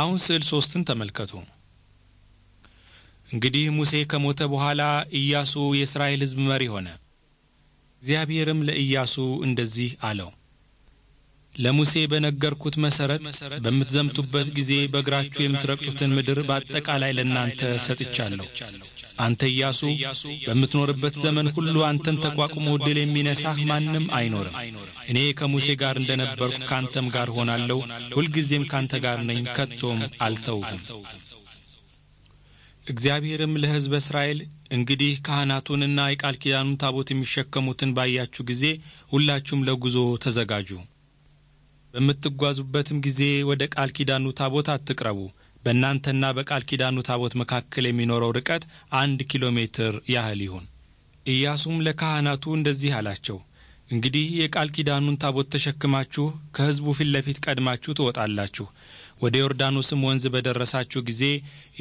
አሁን ስዕል ሶስትን ተመልከቱ። እንግዲህ ሙሴ ከሞተ በኋላ ኢያሱ የእስራኤል ሕዝብ መሪ ሆነ። እግዚአብሔርም ለኢያሱ እንደዚህ አለው ለሙሴ በነገርኩት መሰረት በምትዘምቱበት ጊዜ በእግራችሁ የምትረቅጡትን ምድር በአጠቃላይ ለእናንተ ሰጥቻለሁ። አንተ ኢያሱ በምትኖርበት ዘመን ሁሉ አንተን ተቋቁሞ ድል የሚነሳህ ማንም አይኖርም። እኔ ከሙሴ ጋር እንደ ነበርኩ ካንተም ጋር ሆናለሁ። ሁልጊዜም ካንተ ጋር ነኝ፣ ከቶም አልተውህም። እግዚአብሔርም ለሕዝበ እስራኤል እንግዲህ ካህናቱንና የቃል ኪዳኑን ታቦት የሚሸከሙትን ባያችሁ ጊዜ ሁላችሁም ለጉዞ ተዘጋጁ በምትጓዙበትም ጊዜ ወደ ቃል ኪዳኑ ታቦት አትቅረቡ። በእናንተና በቃል ኪዳኑ ታቦት መካከል የሚኖረው ርቀት አንድ ኪሎ ሜትር ያህል ይሁን። ኢያሱም ለካህናቱ እንደዚህ አላቸው፣ እንግዲህ የቃል ኪዳኑን ታቦት ተሸክማችሁ ከሕዝቡ ፊት ለፊት ቀድማችሁ ትወጣላችሁ። ወደ ዮርዳኖስም ወንዝ በደረሳችሁ ጊዜ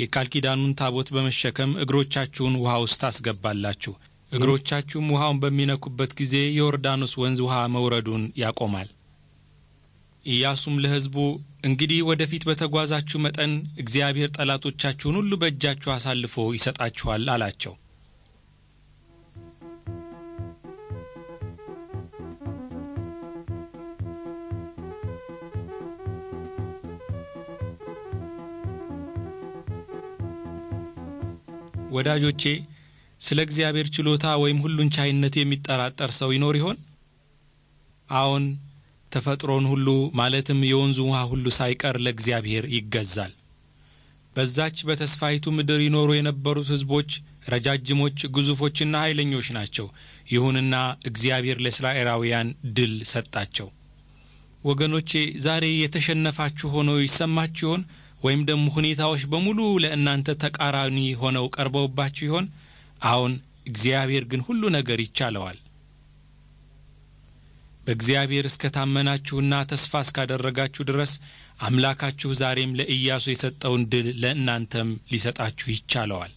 የቃል ኪዳኑን ታቦት በመሸከም እግሮቻችሁን ውሃ ውስጥ ታስገባላችሁ። እግሮቻችሁም ውሃውን በሚነኩበት ጊዜ የዮርዳኖስ ወንዝ ውሃ መውረዱን ያቆማል። ኢያሱም ለሕዝቡ እንግዲህ ወደፊት በተጓዛችሁ መጠን እግዚአብሔር ጠላቶቻችሁን ሁሉ በእጃችሁ አሳልፎ ይሰጣችኋል አላቸው። ወዳጆቼ ስለ እግዚአብሔር ችሎታ ወይም ሁሉን ቻይነት የሚጠራጠር ሰው ይኖር ይሆን? አዎን ተፈጥሮን ሁሉ ማለትም የወንዙ ውሃ ሁሉ ሳይቀር ለእግዚአብሔር ይገዛል። በዛች በተስፋይቱ ምድር ይኖሩ የነበሩት ሕዝቦች ረጃጅሞች፣ ግዙፎችና ኃይለኞች ናቸው። ይሁንና እግዚአብሔር ለእስራኤላውያን ድል ሰጣቸው። ወገኖቼ ዛሬ የተሸነፋችሁ ሆነው ይሰማችሁ ይሆን? ወይም ደግሞ ሁኔታዎች በሙሉ ለእናንተ ተቃራኒ ሆነው ቀርበውባችሁ ይሆን? አሁን እግዚአብሔር ግን ሁሉ ነገር ይቻለዋል። በእግዚአብሔር እስከ ታመናችሁና ተስፋ እስካደረጋችሁ ድረስ አምላካችሁ ዛሬም ለኢያሱ የሰጠውን ድል ለእናንተም ሊሰጣችሁ ይቻለዋል።